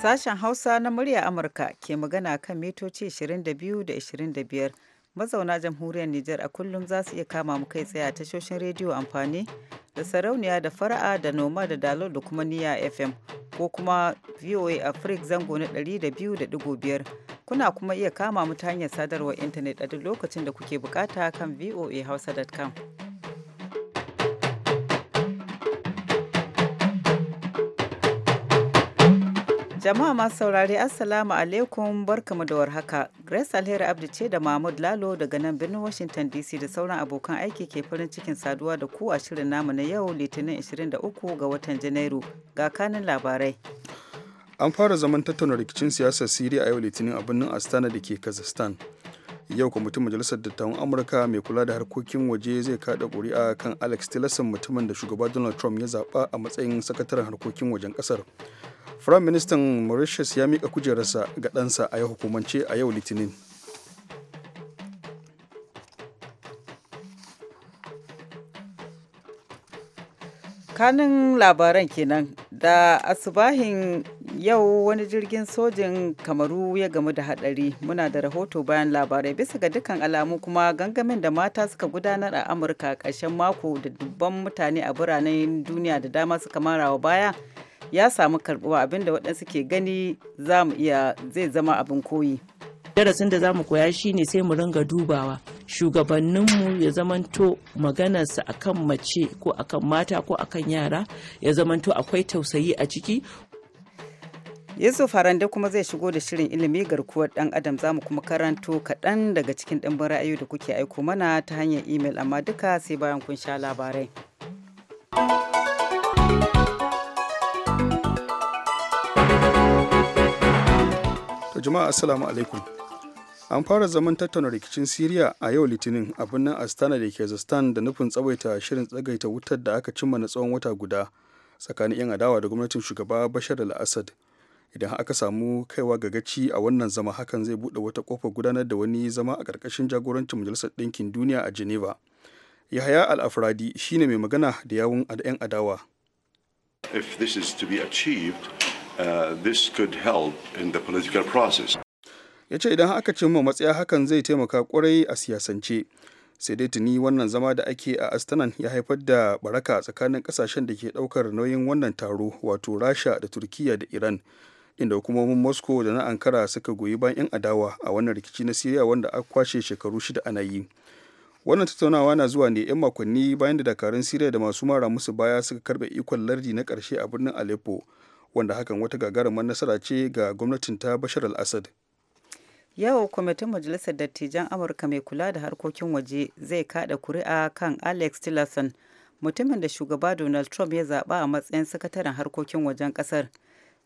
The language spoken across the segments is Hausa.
Sashen Hausa na murya Amurka ke magana kan mitoci 22 da 25 mazauna jamhuriyar Nijar a kullum za su iya kama mu kai tsaye a tashoshin rediyo amfani da sarauniya da fara'a da noma da dalo da kuma niya FM ko kuma VOA Africa zango na 200.5 kuna kuma iya kama mu ta hanyar sadarwar intanet a duk lokacin da kuke bukata kan voahausa.com. Jama'a masu saurari Assalamu alaikum barkamu da warhaka. Grace Alheri Abdu ce da Mahmud Lalo daga nan birnin Washington DC da sauran abokan aiki ke farin cikin saduwa da ku a shirin namu na yau Litinin 23 ga watan Janairu ga kanin labarai. An fara zaman tattauna rikicin siyasar Siriya a yau Litinin a birnin Astana da ke Kazakhstan. Yau kwamitin Majalisar Dattawan Amurka mai kula da harkokin waje zai kada ƙuri'a kan Alex Tillerson mutumin da shugaba Donald Trump ya zaba a matsayin sakataren harkokin wajen kasar. Firayim Ministan Mauritius ya mika kujerarsa ga ɗansa a yau hukumance a yau Litinin. kanin labaran kenan da asubahin yau wani jirgin sojin kamaru ya gamu da hadari muna da rahoto bayan labarai bisa ga dukkan alamu kuma gangamin da mata suka gudanar a amurka ƙarshen mako da dubban mutane a biranen duniya da dama suka marawa baya ya samu karbuwa abinda waɗansu ke gani zai zama abin koyi darasin da zamu mu koya shine sai mu ringa dubawa shugabanninmu ya zamanto maganarsa akan mace ko akan mata ko akan yara ya zamanto akwai tausayi a ciki yusuf harande kuma zai shigo da shirin ilimi garkuwar dan adam zamu kuma karanto kaɗan daga cikin ɗimbin ra'ayoyi da kuke aiko mana ta hanyar imel amma duka sai bayan kun sha labarai jama'a assalamu alaikum. An fara zaman tattauna rikicin Siriya a yau Litinin a birnin Astana da ke Zastan da nufin tsawaita shirin tsagaita wutar da aka cimma na tsawon wata guda tsakanin 'yan adawa da gwamnatin shugaba Bashar al-Assad. Idan aka samu kaiwa ga gaci a wannan zama hakan zai buɗe wata kofar gudanar da wani zama a ƙarƙashin jagorancin Majalisar Ɗinkin Duniya a Geneva. Yahaya al-Afradi shine mai magana da yawun 'yan adawa. If this is to be achieved, Uh, this could help in the political process. Ya ce idan aka cimma matsaya hakan zai taimaka kwarai a siyasance. Sai dai tuni wannan zama da ake a Astanan ya haifar da baraka tsakanin kasashen da ke daukar nauyin wannan taro wato Rasha da turkiyya da Iran. Inda hukumomin Moscow da na Ankara suka goyi bayan 'yan adawa a wannan rikici na Siriya wanda aka kwashe shekaru shida ana yi. wannan tattaunawa na zuwa ne 'yan makonni bayan da dakarun siriya da masu mara musu baya suka karbe ikon lardi na karshe a birnin aleppo wanda hakan wata gagarumar nasara ce ga gwamnatin ta bashar al-assad yau kwamitin majalisar dattijan amurka mai kula da harkokin waje zai kada kuri'a kan alex tillerson mutumin da shugaba donald trump ya zaba a matsayin sakataren harkokin wajen kasar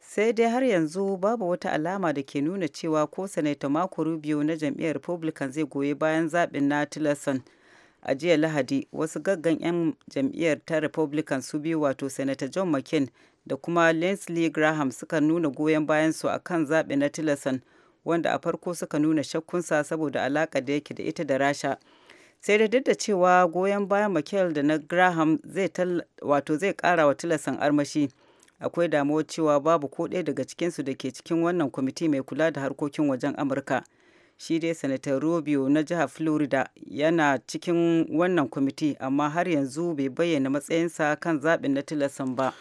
sai dai har yanzu babu wata alama da ke nuna cewa ko sanaita mako rubio na jam'iyyar republican zai goyi bayan zaɓin na tillerson a jiya lahadi wasu gaggan 'yan jam'iyyar ta republican su biyu wato sanata john mccain da kuma Leslie Graham suka nuna goyon bayansu a kan zaɓe na Tillerson wanda a farko suka nuna shakkunsa saboda alaƙa da yake da ita da Rasha. Sai da duk da cewa goyon bayan Michael da na Graham zai wato zai ƙara wa Tillerson armashi. Akwai damuwar cewa babu ko ɗaya daga cikinsu da ke cikin wannan kwamiti mai kula da harkokin wajen Amurka. Shi dai Sanatar Rubio na jihar Florida yana cikin wannan kwamiti amma har yanzu bai bayyana matsayinsa kan zaɓin na Tillerson ba.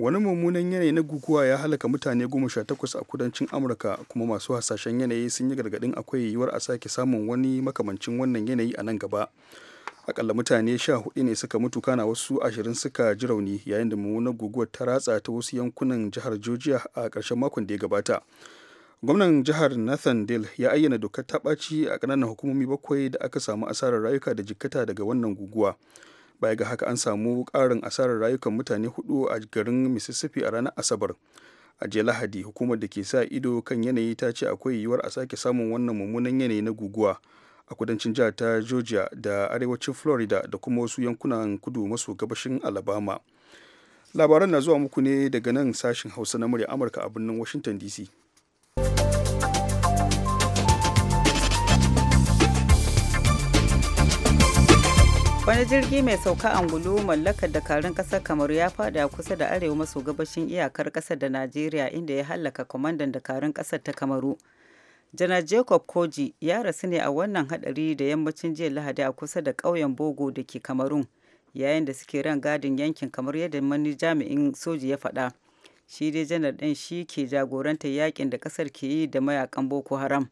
wani mummunan yanayi na guguwa ya halaka mutane 18 a kudancin amurka kuma masu hasashen yanayi sun yi gargadin akwai yiwuwar a sake samun wani makamancin wannan yanayi a nan gaba akalla mutane 14 ne suka mutu kana wasu 20 suka ji rauni yayin da mummunar guguwar ta ratsa ta wasu yankunan jihar georgia a karshen makon da ya gabata gwamnan jihar nathan dale ya ayyana dokar ta ɓaci a ƙananan hukumomi bakwai da aka samu asarar rayuka da jikkata daga wannan guguwa baya ga haka an samu ƙarin asarar rayukan mutane hudu a garin mississippi a ranar asabar a jiya lahadi hukumar da ke sa ido kan yanayi ta ce akwai yiwuwar a sake samun wannan mummunan yanayi na guguwa a kudancin jihar ta georgia da arewacin florida da kuma wasu yankunan kudu maso gabashin alabama labaran na zuwa muku ne daga nan sashen hausa na murya amurka a birnin washington dc wani jirgi mai sauka angulu mallakar dakarun kasar kamar ya fada kusa da arewa maso gabashin iyakar kasar da najeriya inda ya hallaka kwamandan dakarun kasar ta kamaru janar jacob koji ya rasu ne a wannan hadari da yammacin jiya lahadi a kusa da ƙauyen bogo da ke kamarun yayin da suke ran gadin yankin kamar yadda mani jami'in soji ya faɗa shi dai janar ɗin shi ke jagorantar yakin da ƙasar ke yi da mayakan boko haram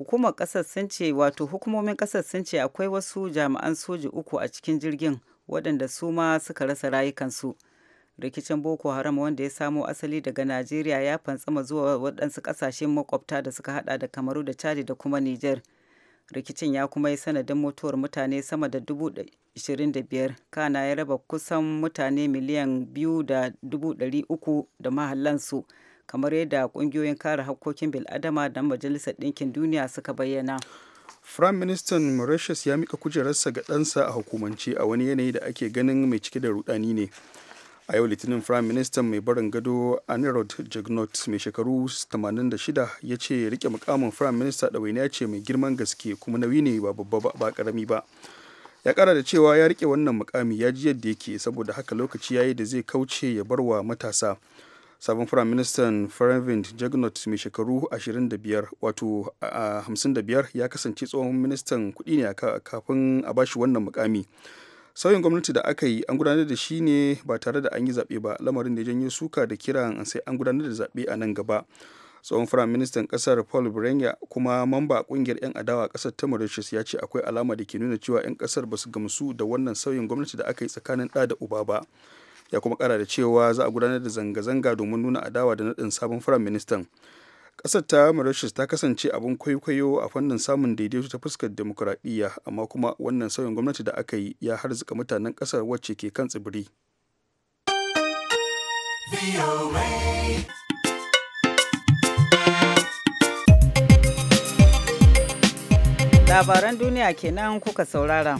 hukumar kasar sun ce wato hukumomin kasar sun ce akwai wasu jami'an soji uku a cikin jirgin waɗanda su ma suka rasa rayukansu rikicin boko haram wanda ya samo asali daga najeriya ya fantsama zuwa waɗansu ƙasashen makwabta da suka hada da kamaru da chadi da kuma niger rikicin ya kuma yi sanadin mutuwar mutane sama da dubu biyar kana ya raba kusan mutane miliyan biyu da dubu uku da mahallansu kamar yadda kungiyoyin kare hakkokin bil'adama da majalisar ɗinkin duniya suka bayyana Firayim Ministan Mauritius ya mika kujerarsa ga ɗansa a hukumance a wani yanayi da ake ganin mai cike da rudani ne. A yau Litinin Firayim Ministan mai barin gado Anirudh Jagnot mai shekaru 86 ya ce rike mukamin Firayim Minista ɗawainiya ce mai girman gaske kuma nauyi ne ba babba ba karami ba. Ya kara da cewa ya rike wannan mukami ya ji yadda yake saboda haka lokaci ya yi da zai kauce ya barwa matasa. sabon firaministan farenvind Jagnot mai shekaru 25 wato 55 ya kasance tsohon ministan kuɗi ne kafin a bashi wannan mukami. Sauyin gwamnati da aka yi an gudanar da shi ne ba tare da an yi zaɓe ba lamarin da janyo suka da kiran sai an gudanar da zaɓe a nan gaba. tsohon firaministan kasar paul birenya kuma mamba kungiyar 'yan adawa kasar ta mauritius ya ce akwai alama da ke nuna cewa 'yan ƙasar ba su gamsu da wannan sauyin gwamnati da aka yi tsakanin ɗa da uba ba ya kuma kara da cewa za a gudanar da zanga-zanga domin nuna adawa da naɗin sabon firayim ministan ƙasar ta mauritius ta kasance abin kwaikwayo a fannin samun daidaito ta fuskar demokuraɗiyya amma kuma wannan sauyin gwamnati da aka yi ya harzuka mutanen ƙasar wacce ke kan tsibiri labaran duniya kenan kuka saurara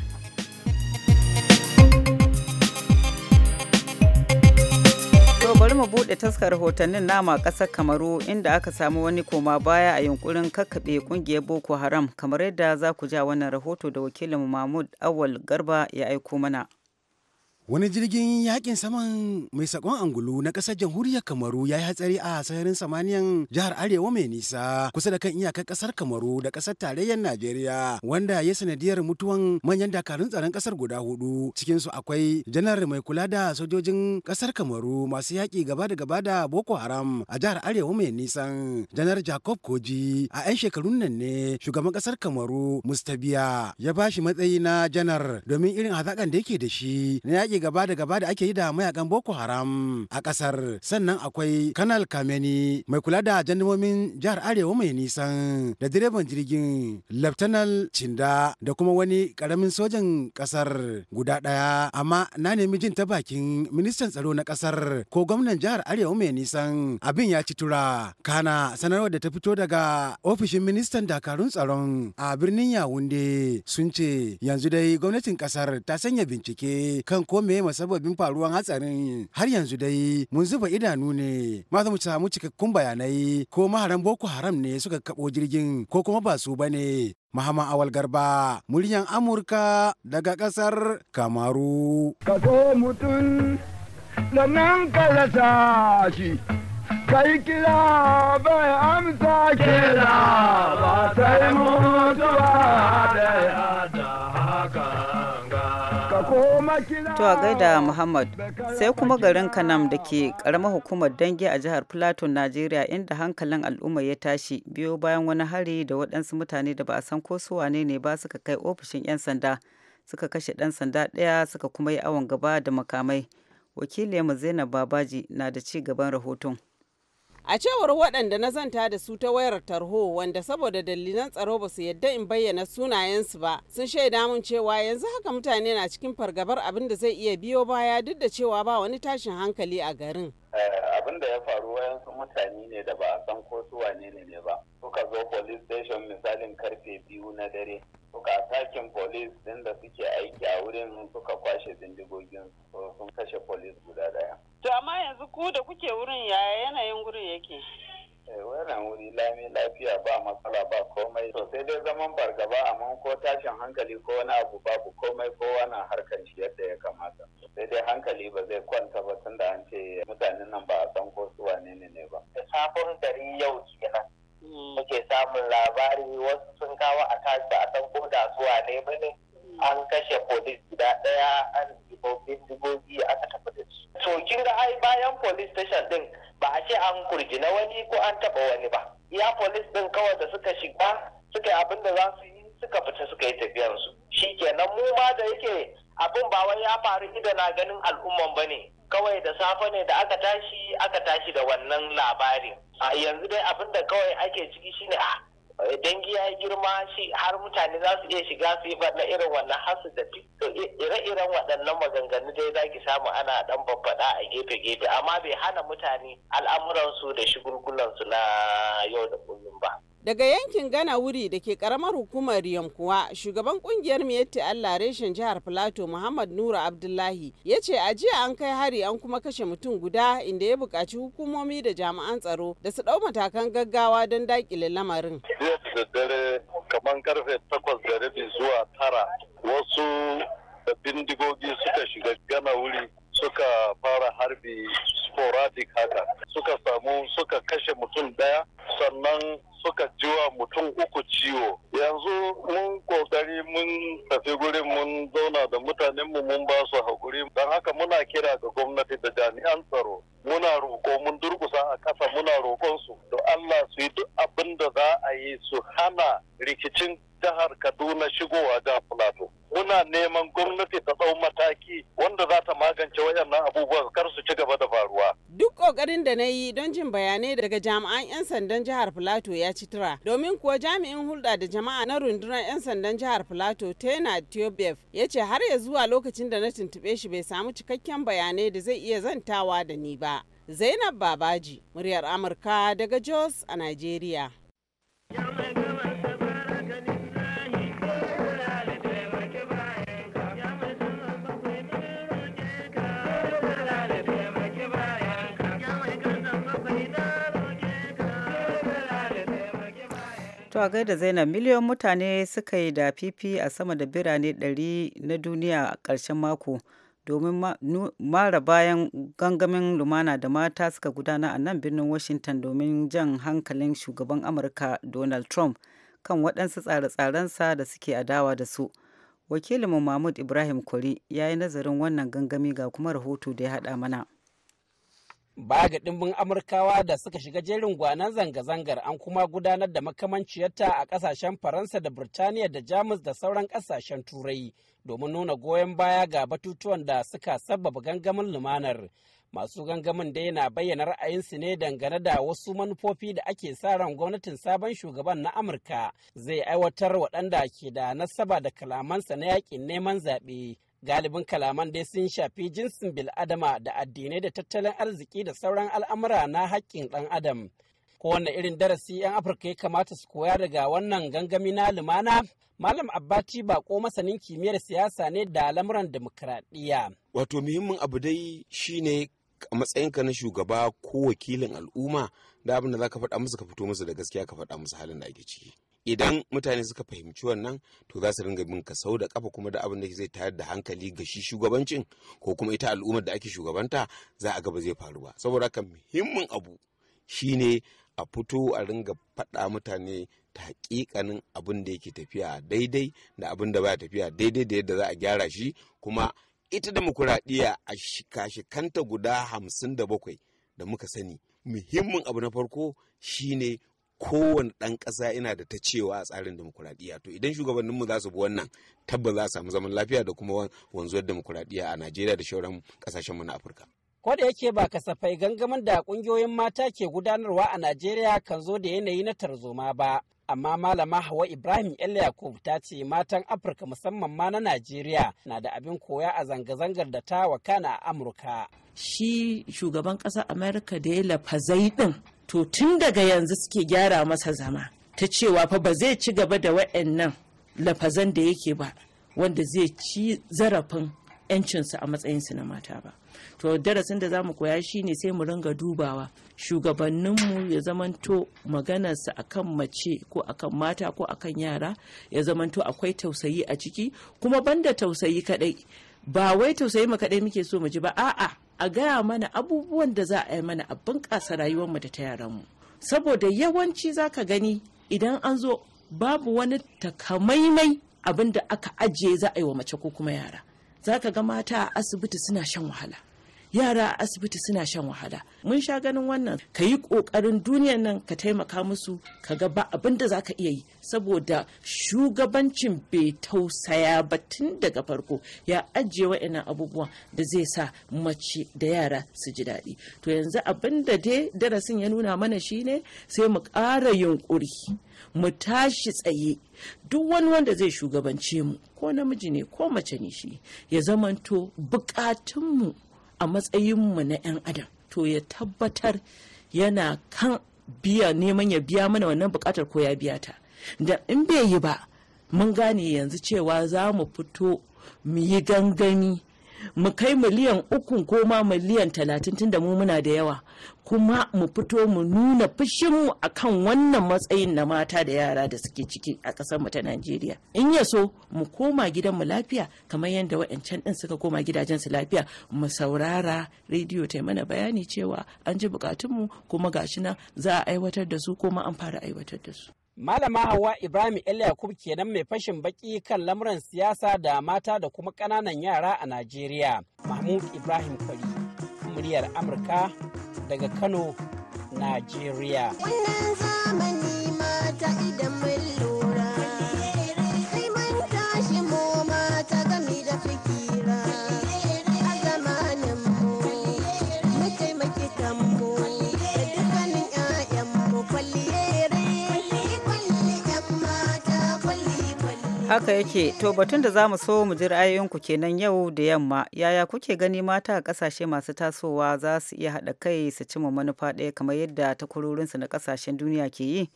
bari mu buɗe taskar rahotannin nama ƙasar kamaru inda aka samu wani koma baya a yunkurin kakkaɓe ƙungiyar boko haram kamar yadda za ku ja wannan rahoto da wakilin mahmud awal garba ya aiko mana Wani jirgin yakin saman mai sakon angulu na ƙasar jamhuriyar Kamaru ya yi hatsari a sararin samaniyan jihar Arewa mai nisa kusa da kan iyakar ƙasar Kamaru da ƙasar tarayyar Najeriya wanda ya sanadiyar mutuwan manyan dakarun tsaron ƙasar guda hudu cikin su akwai janar mai kula da sojojin ƙasar Kamaru masu yaƙi gaba da gaba da Boko Haram a jihar Arewa mai nisan janar Jacob Koji a 'yan shekarun nan ne shugaban ƙasar Kamaru Mustabiya ya bashi matsayi na janar domin irin hazakan da yake da shi na yaki gaba da gaba da ake yi da mayakan boko haram a kasar sannan akwai kanal kameni mai kula da jandumomin jihar arewa mai nisan da direban jirgin laftanal cinda da kuma wani karamin sojan kasar guda daya amma na nemi jin ta bakin ministan tsaro na kasar ko gwamnan jihar arewa mai nisan abin ya ci tura kana sanarwar da ta fito daga ofishin ministan dakarun tsaron a birnin yawunde sun ce yanzu dai gwamnatin kasar ta sanya bincike kan ko meye musabbabin faruwan hatsarin har yanzu dai mun zuba idanu ne ma za mu samu cikakkun bayanai ko maharan boko haram ne suka kabo jirgin ko kuma ba su bane Muhammad Awal Garba, muryan Amurka daga ƙasar Kamaru. Ka so nan shi, kai amsa ba sai mutuwa da To a gaida Muhammad sai kuma garin Kanam da ke karamar hukumar dangi a jihar Plateau, Najeriya inda hankalin al'umma ya tashi biyo bayan wani hari da waɗansu mutane da ba a san ko su wane ne ba suka kai ofishin 'yan sanda suka kashe ɗan sanda ɗaya suka kuma yi awon gaba da makamai. wakili Zainab Babaji na da ci gaban rahoton. A cewar waɗanda na zanta da su ta wayar tarho wanda saboda dalilan tsaro ba su yadda in bayyana sunayensu ba sun shaida mun cewa yanzu haka mutane na cikin fargabar abin da zai iya biyo baya duk da cewa ba wani tashin hankali a garin. Eh, abin da ya faru wayansu mutane ne da ba a san ko su wane ne ba. Suka zo police station misalin karfe biyu na dare suka atakin polis din da suke aiki a wurin suka kwashe bindigogin sun kashe polis guda daya. To amma yanzu ku da kuke wurin yaya yanayin wurin yake? Eh, wannan wuri lami lafiya ba matsala ba komai to sai dai zaman fargaba amma ko tashin hankali ko wani abu babu komai ko wani harkar shi yadda ya kamata sai dai hankali ba zai kwanta ba tunda an ce mutanen nan ba a san ko su wane ne ba da sabon gari yau kenan muke samun labari wasu sun kawo a kan a san ko da zuwa ne an kashe polis guda daya an ɗibo bindigogi aka tafi da su. to kin ga ai bayan polis station din ba a ce an na wani ko an taba wani ba ya polis din kawai da suka shiga suka yi abin da za su yi suka fita suka yi su. shi kenan mu ma da yake abin ba wai ya faru ido na ganin al'umman ba ne kawai da safe ne da aka tashi aka tashi da wannan labarin a yanzu dai abin da kawai ake ciki shine a ah, dangi ya girma shi har mutane za su iya shiga su yi na irin wannan hasu da ire-iren waɗannan maganganu dai za ki samu ana ɗan babbaɗa a gefe-gefe amma bai hana mutane al'amuransu da shigulgulansu na yau da kullum ba. daga yankin gana wuri da ke karamar hukumar riyam shugaban kungiyar miyatti allah reshen jihar filato muhammad nura abdullahi ya ce a jiya an kai hari an kuma kashe mutum guda inda ya buƙaci hukumomi da jami'an tsaro da su ɗau matakan gaggawa don daƙile lamarin da dare kamar karfe takwas da rabi zuwa tara wasu da bindigogi suka shiga gana wuri suka fara harbi sporadic haka suka samu suka kashe mutum daya sannan suka jiwa mutum uku ciwo yanzu mun kokari mun tafi gurin mun zauna da mutanenmu mun ba su haƙuri don haka muna kira ga gwamnati da jami'an tsaro muna roƙo mun durƙusa a ƙasa muna roƙon su to Allah su yi duk abin da za a yi su hana rikicin jihar Kaduna shigowa da Plateau. muna neman gwamnati ta tsawon mataki wanda za ta magance wayannan abubuwan kar su ci gaba da faruwa. Duk ƙoƙarin da na yi don jin bayanai daga jami'an 'yan sandan jihar Filato ya ci tura. Domin kuwa jami'in hulɗa da jama'a na rundunar 'yan sandan jihar Filato Tena Tiobef ya ce har ya zuwa lokacin da na tuntuɓe shi bai samu cikakken bayanai da zai iya zantawa da ni ba. Zainab Babaji, muryar Amurka daga Jos a Najeriya. To a gaida Zainab miliyon mutane suka yi da fifi a sama da birane 100 na duniya a ƙarshen mako domin mara bayan gangamin lumana da mata suka gudana a nan birnin Washington domin jan hankalin shugaban Amurka Donald Trump kan waɗansu tsare-tsarensa da suke adawa da su. Wakilinmu Mahmud Ibrahim Kwari ya yi nazarin wannan gangami ga kuma rahoto da ya haɗa mana. Baya ga ɗimbin Amurkawa da suka shiga jerin gwanan zanga-zangar an kuma gudanar da makamanciyarta a ƙasashen Faransa da Birtaniya da Jamus da sauran ƙasashen Turai domin nuna goyon baya ga batutuwan da suka sabbaba gangamin lumanar. Masu gangamin dai na bayyana ra'ayinsu ne dangane da wasu manufofi da ake sa ran gwamnatin sabon shugaban na Amurka zai aiwatar waɗanda ke da nasaba da kalamansa na yaƙin neman zaɓe. galibin kalaman dai sun shafi jinsin bil'adama da addinai da tattalin arziki da sauran al'amura na haƙƙin ɗan adam kowane irin darasi 'yan afirka ya kamata su koya daga wannan gangami na lumana malam abbati bako masanin kimiyyar siyasa ne da lamuran demokradiyya wato muhimmin abu dai shine a matsayinka na shugaba ko wakilin al'umma da abin da za ka faɗa musu ka fito musu da gaskiya ka faɗa musu halin da ake ciki idan mutane suka fahimci wannan to za su ringa bin ka sau da kafa kuma da abin da zai tayar da hankali ga shi shugabancin ko kuma ita al'ummar da ake shugabanta za a ga ba zai faru ba saboda haka muhimmin abu shine a fito a ringa faɗa mutane ta hakikanin abin da yake tafiya daidai da abin da baya tafiya daidai da yadda za a gyara shi kuma ita demokuraɗiyya a shikashikanta guda hamsin da bakwai da muka sani muhimmin abu na farko shine kowane ɗan ƙasa yana da ta cewa a tsarin demokuraɗiyya to idan shugabanninmu za su bi wannan tabbas za a samu zaman lafiya da kuma wanzuwar demokuraɗiyya a najeriya da shauran ƙasashenmu na afirka ko da yake ba kasafai gangamin da ƙungiyoyin mata ke gudanarwa a najeriya kan zo da yanayi na tarzoma ba amma malama hawa ibrahim el yakub ta ce matan afirka musamman ma na najeriya na da abin koya a zanga-zangar da ta wakana a amurka shi shugaban ƙasar amurka da ya lafazai ɗin to tun daga yanzu suke gyara masa zama ta cewa fa ba zai ci gaba da waɗannan lafazan da yake ba wanda zai ci zarafin 'yancinsu a matsayinsu na mata ba to darasin da zamu koya shine sai mu ringa dubawa shugabanninmu ya zamanto maganarsa akan mace ko akan mata ko akan yara ya zamanto akwai tausayi a ciki kuma banda tausayi kadai ba wai tausayi mu kadai muke so mu ji ba a'a a gaya mana abubuwan da za a yi mana a bunƙasa rayuwarmu da ta yaranmu saboda yawanci zaka gani idan an zo babu wani takamaimai abin da aka ajiye za a yi wa mace ko kuma yara za ka ga mata a asibiti suna shan wahala yara a asibiti suna shan wahala mun sha ganin wannan ka yi ƙoƙarin duniyar nan ka taimaka musu ka gaba ba abin da zaka iya yi saboda shugabancin bai tausaya ba tun daga farko ya ajiye wa'ina abubuwan da zai sa mace da yara su ji daɗi to yanzu abin da dai darasin ya nuna mana shine sai mu ƙara yunƙuri mu tashi tsaye duk wani wanda zai shugabance mu ko namiji ne ko mace ne shi ya zamanto bukatunmu a matsayinmu na 'yan adam to ya tabbatar yana kan biya neman ya biya mana wannan bukatar ko ya biya ta da in bai yi ba mun gane yanzu cewa za mu fito mu yi gangami mu kai miliyan uku ko ma miliyan talatin tun da mu muna da yawa kuma mu fito mu nuna fushinmu a kan wannan matsayin na mata da yara da suke ciki a mu ta najeriya in ya so mu koma gidanmu lafiya kamar yadda wa'ancan ɗin suka koma gidajensu lafiya mu saurara rediyo ta mana bayani cewa an ji bukatunmu kuma gashi nan za a aiwatar da su kuma an fara aiwatar da su Malama Hauwa Ibrahim El Yakub kenan mai fashin baki kan lamuran siyasa da mata da kuma ƙananan yara a Najeriya. Mahmud Ibrahim Kwari, muryar Amurka daga Kano, Najeriya. Wannan zamani mata idan haka yake to batun da za mu so mu ji ra'ayoyinku kenan yau da yamma yaya kuke gani mata a kasashe masu tasowa za su iya haɗa kai su cimma manufa ɗaya kamar yadda ta su na kasashen duniya ke yi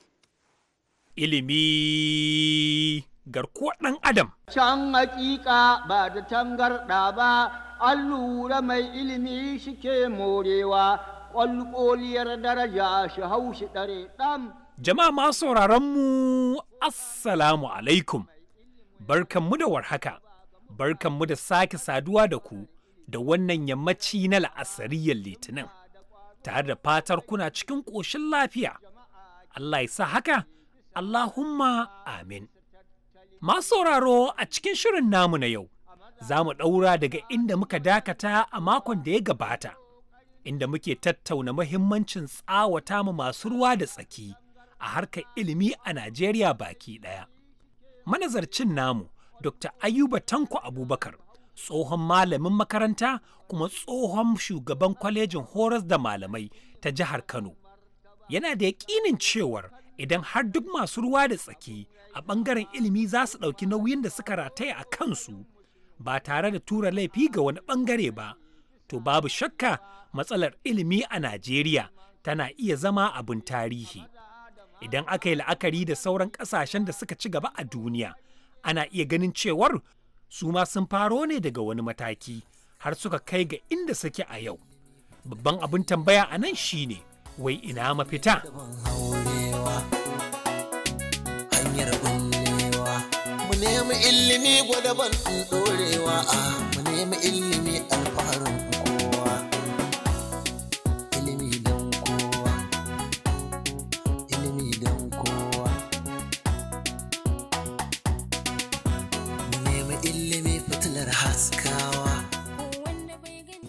ilimi garkuwar ɗan adam can hakika ba da tangarɗa ba allura mai ilimi shike morewa ƙwalƙoliyar daraja shi haushi ɗare ɗan. jama'a masu sauraron mu assalamu alaikum barkanmu da warhaka, barkanmu da sake saduwa da ku da wannan yammaci na la'asariyar litinin, tare da fatar kuna cikin ƙoshin lafiya. Allah ya sa haka, Allahumma amin. Masu sauraro a cikin shirin namu na yau, za mu ɗaura daga inda muka dakata a makon da ya gabata, inda muke tattauna mahimmancin tsawata ma masu ruwa da tsaki a harkar ilimi a Najeriya baki ɗaya. manazarcin namu Dr. Ayuba Tanko Abubakar tsohon malamin makaranta kuma tsohon shugaban kwalejin horas da malamai ta jihar Kano. Yana da yaƙinin cewar idan har duk masu ruwa da tsaki a ɓangaren ilimi za su ɗauki nauyin da suka rataya a kansu ba tare da tura laifi ga wani ɓangare ba, to babu shakka matsalar ilimi a Najeriya tana iya zama abin tarihi. idan aka yi la'akari da sauran ƙasashen da suka ci gaba a duniya ana iya ganin cewar su ma sun faro ne daga wani mataki har suka kai ga inda suke a yau babban abin tambaya a nan shine wai ina mafita mu nemi ilimi gwada ban ɗorewa a ah, mu nemi ilimi alfaharin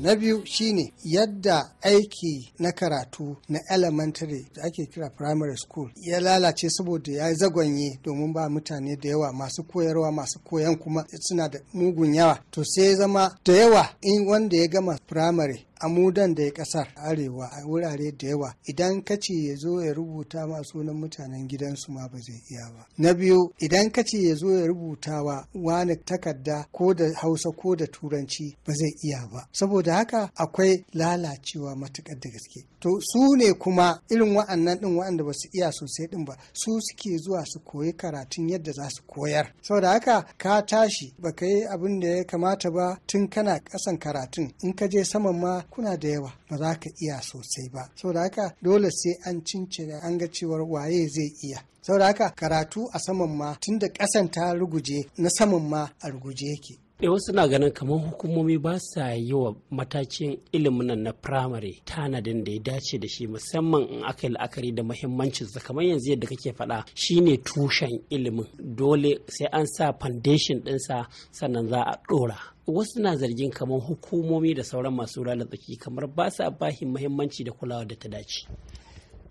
na biyu shine yadda aiki na karatu na elementary da ake kira primary school ya lalace saboda ya zagwanye domin ba mutane da yawa masu koyarwa masu koyan kuma suna da mugun yawa to sai zama da yawa in wanda ya gama primary amudan da ya kasar arewa a wurare da yawa idan ka ya zo ya rubuta ma sunan mutanen gidansu ma ba zai iya ba na biyu idan ka ya zo ya rubuta wa wani takarda ko da hausa ko da turanci ba zai iya ba saboda haka akwai lalacewa matukar da gaske to su ne kuma irin wa'annan din wa'anda ba su iya sosai din ba su suke zuwa su koyi karatun yadda za su koyar saboda haka ka tashi baka yi abin da ya kamata ba tun kana kasan karatun in ka je saman ma kuna da yawa ba za ka iya sosai ba saboda haka dole sai an cincire an ga cewar waye zai iya saboda haka karatu a saman ma tunda ƙasan ta ruguje na saman ma a ruguje yake eh wasu na ganin kamar hukumomi ba sa yi wa matakin ilimin na firamare tanadin da ya dace da shi musamman in aka yi la'akari da muhimmancin sa kamar yanzu yadda kake faɗa shine tushen ilimin dole sai an sa foundation ɗinsa sannan za a ɗora wasu na zargin kamar hukumomi da sauran masu rana tsaki kamar ba sa bahin muhimmanci da kulawa da ta dace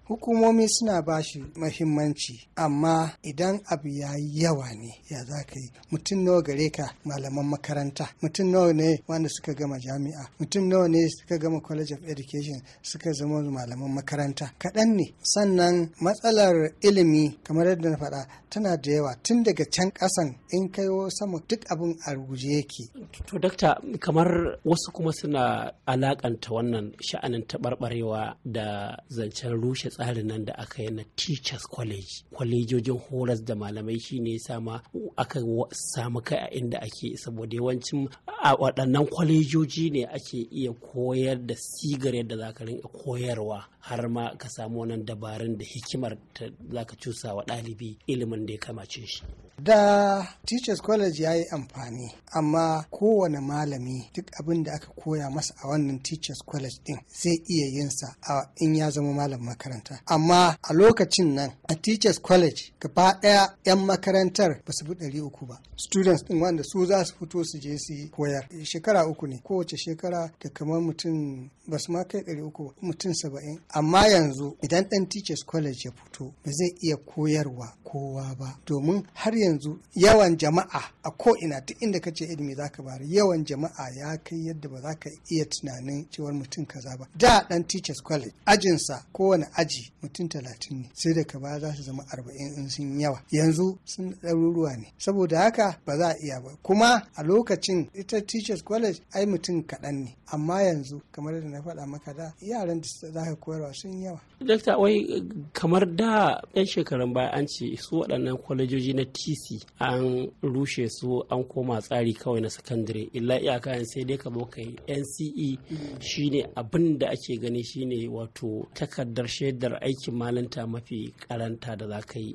hukumomi suna bashi shi mahimmanci amma idan abu ya yi yawa ne ya za ka yi mutum nawa gare ka malaman makaranta mutum nawa ne wanda suka gama jami'a mutum nawa ne suka gama college of education suka zama malaman makaranta kaɗan ne sannan matsalar ilimi kamar yadda na faɗa tana da yawa tun daga can ƙasan in kaiwo sama duk abin a rubuce yake to dakta kamar wasu kuma suna alakanta wannan sha'anin taɓarɓarewa da zancen rushe tsarin nan da aka yi na teachers college kwalejojin horas da malamai shine sama aka samu kai a inda ake saboda yawancin a waɗannan kwalejoji ne ake iya koyar da sigar yadda za ka koyarwa har ma ka samu wannan dabarun da hikimar ta zaka cusa wa ɗalibi ilimin da ya kamace shi da teachers college ya yi amfani amma kowane malami duk abin da aka koya masa a wannan teachers college din zai iya yin sa in ya zama malam makaranta amma a lokacin nan a teachers college gaba ɗaya 'yan makarantar ba su ɗari uku ba students din wanda su za su fito su je su koyar shekara uku ne kowace shekara da kamar mutum ba su ma kai ɗari uku mutum saba'in amma yanzu idan ɗan teachers college ya fito ba zai iya koyarwa kowa ba domin har yanzu yawan jama'a a ko ina duk inda ka ce ilimi zaka bari yawan jama'a ya kai yadda ba za ka iya tunanin cewar mutum kaza ba da ɗan teachers college ajinsa kowane aji mutum talatin ne sai da ka ba za su zama arba'in in sun yawa yanzu sun ɗaruruwa ne saboda haka ba za a iya ba kuma a lokacin ita teachers college ai mutum kaɗan ne amma yanzu kamar da na faɗa maka da yaran da za ka koyarwa koyarwa sun yawa. Dakta wai kamar da 'yan shekarun baya an ce su waɗannan kwalejoji na TC an rushe su an koma tsari kawai na sakandare illa iyaka sai dai ka kai NCE shine abin da ake gani shine wato takardar shaidar aikin malanta mafi karanta da za ka yi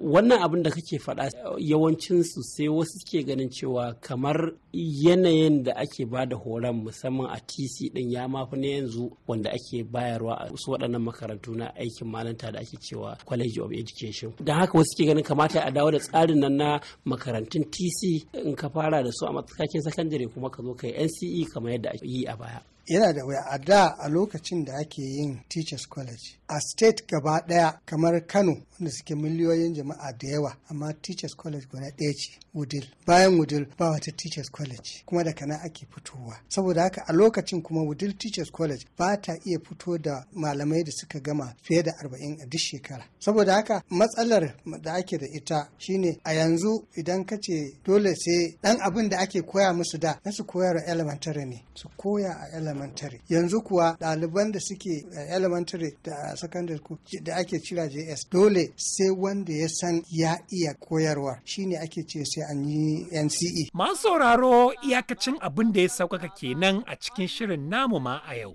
wannan abin da kake faɗa yawancin su sai wasu suke ganin cewa kamar yanayin da ake ba da horon musamman a tc din ya mafi na yanzu wanda ake bayarwa a su waɗannan makarantu na aikin malanta da ake cewa college of education don haka wasu suke ganin kamata a dawo da tsarin nan na makarantun tc in ka fara da su a matakin sakandare kuma ka zo kai nce kamar yadda ake yi a baya yana da waya a da a lokacin da ake yin teachers college a state gaba daya kamar kano wanda suke miliyoyin jama'a da yawa amma teachers college guda ɗaya ce wudil bayan wudil ba wata teachers college kuma daga nan ake fitowa saboda haka a lokacin kuma wudil teachers college ba ta iya fito da malamai da suka gama fiye da arba'in a duk shekara saboda haka matsalar da ake da ita shine a yanzu idan ka ce dole sai dan abin da ake koya musu da na su koyar elementary ne su koya a elementary yanzu kuwa ɗaliban da suke elementary da secondary da ake cira js dole sai wanda ya san ya iya koyarwa shine ake ce sai an yi NCE. Masu sauraro iyakacin abin da ya sauƙaƙa kenan a cikin shirin namu ma a yau.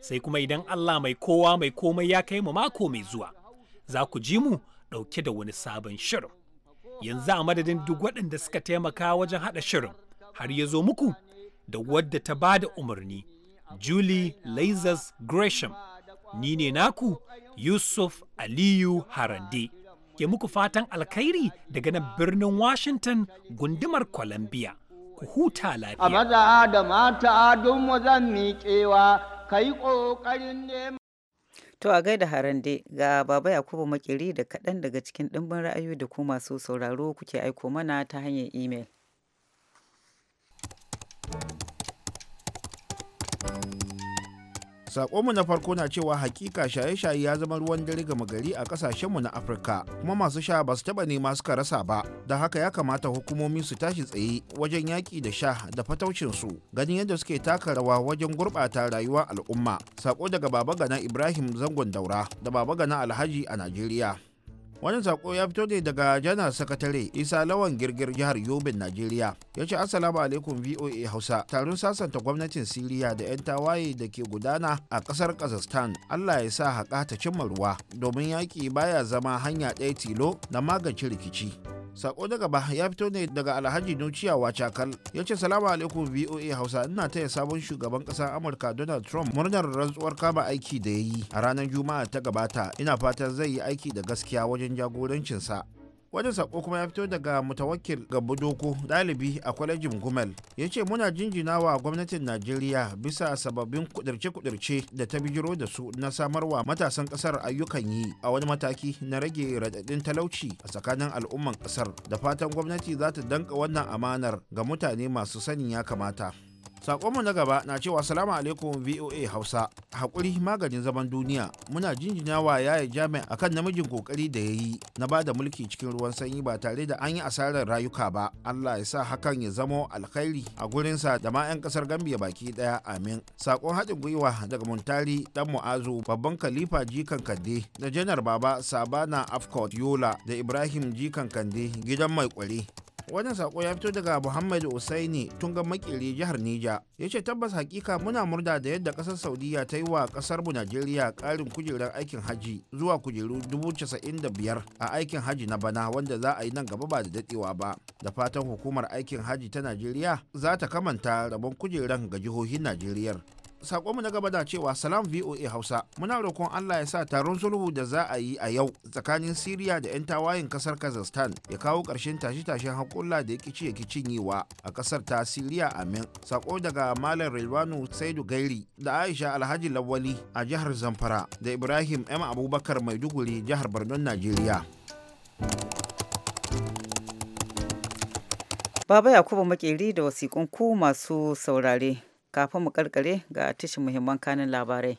Sai kuma idan Allah mai kowa mai komai ya kai mu mako mai zuwa, za ku ji mu ɗauke da wani sabon shirin. Yanzu a madadin duk waɗanda suka taimaka wajen haɗa shirin har ya zo muku da wadda ta ba da umarni, Julie Lazarus Gresham. Ni ne naku Yusuf Aliyu Harande. ke muku fatan alkhairi daga nan birnin Washington gundumar Columbia. Ku huta lafiya. A maza da mata don zan miƙewa kai ƙoƙarin nema. To a gaida harande ga Baba Yakubu Makiri da kaɗan daga cikin ɗimbin ra'ayoyi da ku masu sauraro kuke aiko mana ta hanyar imel. Sakonmu na farko na cewa hakika shaye-shaye ya zama ruwan dare gama gari a kasashenmu na Afirka kuma masu sha ba su taɓa nema suka rasa ba da haka ya kamata hukumomi su tashi tsaye wajen yaƙi da sha da fataucin su ganin yadda suke taka rawa wajen gurɓata rayuwar al'umma. Sako daga Baba Gana Ibrahim Zangon Daura da Baba Gana Alhaji a Najeriya. wannan sako ya fito ne daga jana sakatare isa lawan girgir jihar yobin najeriya ya ce assalamu alaikum voa hausa taron sasanta gwamnatin siriya da 'yan tawaye da ke gudana a kasar kazakhstan allah ya sa haƙa ta cimma ruwa domin yaƙi baya zama hanya ɗaya tilo na magance rikici sako na gaba ya fito ne daga alhaji nuciya wacakal ya ce salamu alaikum voa hausa ina taya sabon shugaban ƙasar amurka donald trump murnar rantsuwar kama aiki da ya yi a ranar juma'a ta gabata ina fatan zai yi aiki da gaskiya wajen ƙarƙashin jagorancinsa wani sako kuma ya fito daga mutawakil gabu doko dalibi a kwalejin gumel ya ce muna jinjina wa gwamnatin najeriya bisa sababbin kudirce-kudirce da ta bijiro da su na samarwa matasan ƙasar ayyukan yi a wani mataki na rage raɗaɗin talauci a tsakanin al'umman ƙasar da fatan gwamnati za ta danka wannan amanar ga mutane masu sanin ya kamata Sakonmu na gaba na cewa salamu alaikum VOA Hausa, haƙuri maganin zaman duniya muna jinjina wa yaya jami'a kan namijin ƙoƙari da ya yi na ba da mulki cikin ruwan sanyi ba tare da an yi asarar rayuka ba. Allah ya sa hakan ya zamo alkhairi a gurinsa da ma 'yan ƙasar Gambia baki ɗaya amin. Sakon haɗin gwiwa daga Muntari dan Mu'azu babban Khalifa Jikan Kande da Janar Baba Sabana afcot Yola da Ibrahim Jikan Kande gidan mai ƙwari. wannan sako ya fito daga muhammad usaini ga makili jihar nija ya ce tabbas hakika muna murda da yadda kasar saudiya ta yi wa kasar mu najeriya karin kujerar aikin haji zuwa kujeru biyar a aikin haji na bana wanda za a yi nan gaba ba da dadewa ba da fatan hukumar aikin haji ta najeriya za ta kamanta rabon kujeran ga jihohin najeriyar sakonmu na gaba da cewa salam voa hausa muna roƙon allah ya sa taron sulhu da za a yi a yau tsakanin siriya da 'yan tawayen kasar kazakhstan ya kawo ƙarshen tashe-tashen haƙulla da ya kici ya cinyewa a kasar ta siriya amin sako daga malam rilwanu saidu gairi da aisha alhaji lawali a jihar zamfara da ibrahim m abubakar maiduguri jihar barnon najeriya Baba Yakubu Makeri da wasiƙunku masu saurare kafin mu karkare ga tashin muhimman kanin labarai.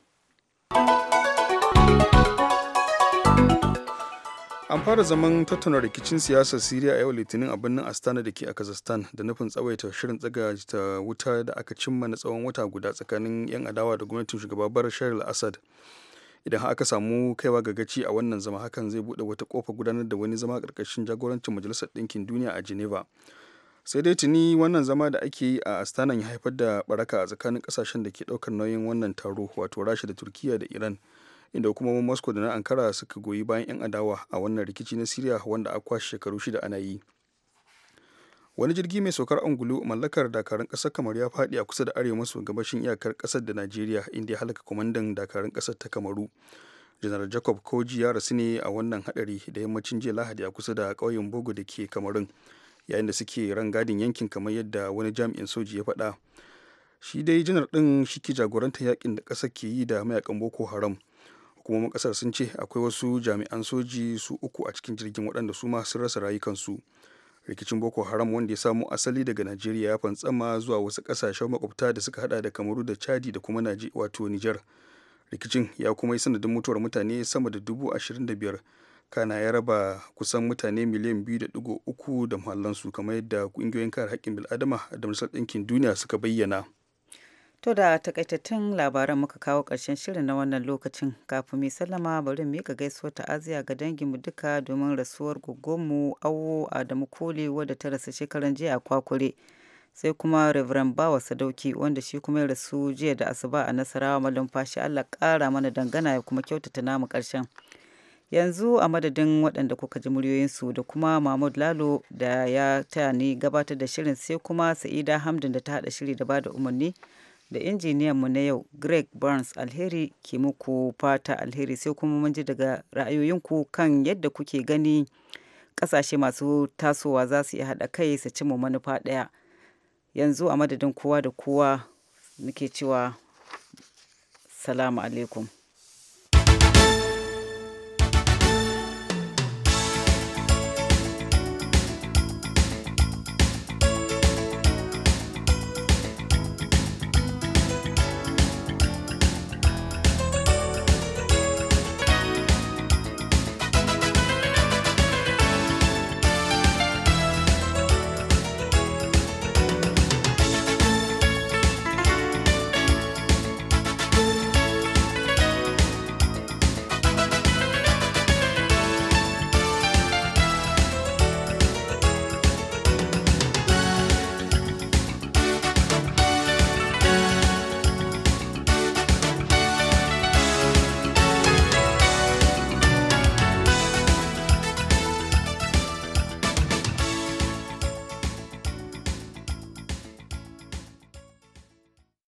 An fara zaman tattauna rikicin siyasar Siriya a yau Litinin a birnin Astana da ke a Kazakhstan da nufin tsawaita shirin tsaga ta wuta da aka cimma na tsawon wata guda tsakanin 'yan adawa da gwamnatin shugaba Bashar al-Assad. Idan aka samu kaiwa ga gaci a wannan zama hakan zai buɗe wata kofa gudanar da wani zama ƙarƙashin jagorancin Majalisar Ɗinkin Duniya a Geneva. sai dai tuni wannan zama da ake yi a astana ya haifar da baraka a tsakanin kasashen da ke daukar nauyin wannan taro wato rasha da turkiya da iran inda kuma moscow da na ankara suka goyi bayan 'yan adawa a wannan rikici na syria wanda a kwashe shekaru shida ana yi wani jirgi mai saukar angulu mallakar dakarun kasar kamaru ya faɗi a kusa da arewa maso gabashin iyakar kasar da najeriya inda ya halaka kwamandan dakarun kasar ta kamaru janar jacob koji ya rasu ne a wannan hadari da yammacin jiya lahadi a kusa da ƙauyen bogo da ke kamarun yayin da suke rangadin yankin kamar yadda wani jami'in soji ya faɗa shi dai janar ɗin shi ke jagorantar yakin da ƙasa ke yi da mayakan boko haram hukumomin ƙasar sun ce akwai wasu jami'an soji su uku a cikin jirgin waɗanda su ma sun rasa rayukansu rikicin boko haram wanda ya samo asali daga najeriya ya fantsama zuwa wasu ƙasashen makwabta da suka hada da kamaru da chadi da kuma wato niger rikicin ya kuma yi sanadin mutuwar mutane sama da dubu ashirin da biyar kana ya raba kusan mutane miliyan 2.3 da muhallansu kamar yadda kungiyoyin kare haƙƙin bil'adama da majalisar ɗinkin duniya suka bayyana to da takaitattun labaran muka kawo ƙarshen shirin na wannan lokacin kafin mai sallama bari mu ga ta aziya ga danginmu duka domin rasuwar mu awo adamu kole wadda ta rasa shekaran jiya a kwakure sai kuma Reverend Bawa Sadauki wanda shi kuma ya rasu jiya da asuba a Nasarawa malumfashi Allah ƙara mana dangana ya kuma kyautata namu ƙarshen. yanzu a madadin waɗanda kuka ji muryoyinsu da kuma mahmud lalo da ya taya ni gabatar da shirin sai kuma sa'ida hamdin da ta haɗa shiri da bada umarni da injiniyan mu na yau greg burns alheri ke muku fata alheri sai kuma mun ji daga ra'ayoyinku kan yadda kuke gani ƙasashe masu tasowa za su iya haɗa kai su ci mu manufa ɗaya yanzu a madadin kowa da kowa nake cewa salamu alaikum